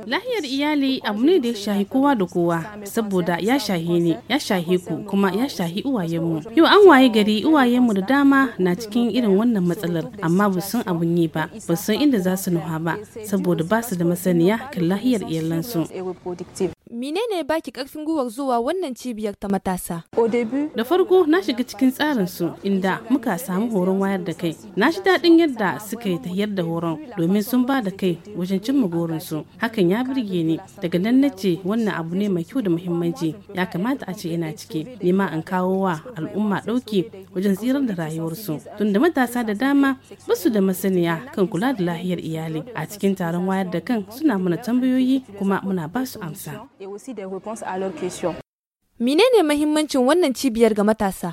Lahiyar iyali abu ne da ya shahi kowa da kowa saboda ya shahi ne ya shahi ku kuma ya shahi uwayenmu. Yau an waye gari uwayenmu da dama na cikin irin wannan matsalar amma ba san abun yi ba ba san inda za su nuha ba saboda ba su da masaniya kan lahiyar iyalansu. menene baki karfin gwiwar zuwa wannan cibiyar ta matasa? Da farko na shiga cikin tsarin su inda muka samu horon wayar da kai. Na shi daɗin yadda suka yi tahiyar da horon domin sun ba da kai wajen cimma gorin su. Hakan ya burge ni daga nan na ce wannan abu ne mai kyau da muhimmanci ya kamata a ce ina ciki nema an kawo wa al'umma ɗauki wajen tsirar da rayuwarsu. Tunda matasa da dama basu da masaniya kan kula da lahiyar iyali a cikin taron wayar da kan suna mana tambayoyi kuma muna ba su amsa. aussi des réponses à leurs questions. Menene mahimmancin wannan cibiyar ga matasa?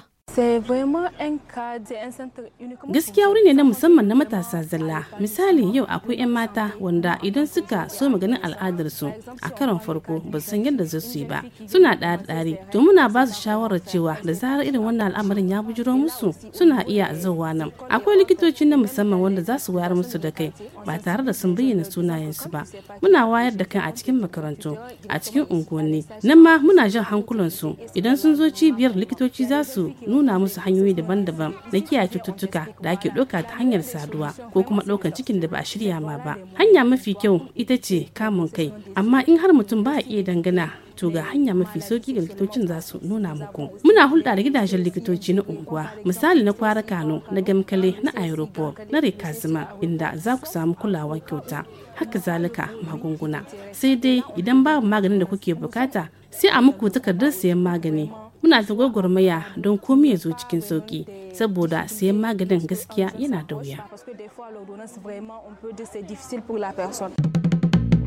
Gaskiya wuri ne na musamman na matasa zalla. Misali yau akwai 'yan mata wanda idan suka so maganin al'adarsu a karon farko ba san yadda za su yi ba. Suna ɗari ɗari to muna ba su shawarar cewa da zarar irin wannan al'amarin ya bujiro musu suna iya zauwa nan. Akwai likitoci na musamman wanda za su wayar musu da kai ba tare da sun bayyana sunayensu ba. Muna wayar da kai a cikin makarantu, a cikin unguwanni. Nan ma muna jan hankulansu idan sun zo cibiyar likitoci za su nuna musu hanyoyi daban-daban na kiyaye cututtuka da ake ɗauka ta hanyar saduwa ko kuma ɗaukar cikin da ba a shirya ma ba hanya mafi kyau ita ce kamun kai amma in har mutum ba iya dangana to ga hanya mafi sauki ga likitocin za su nuna muku. Muna hulɗa da gidajen likitoci na unguwa, misali na kwara Kano, na Gamkale, na Aeroport, na Rekazima, inda za ku samu kulawa kyauta, haka zalika magunguna. Sai dai idan babu maganin da kuke bukata, sai a muku takardar sayan magani muna ta gwagwarmaya don komi ya zo cikin sauki saboda sayan maganin gaskiya yana da wuya.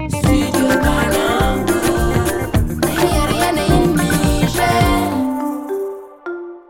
Studio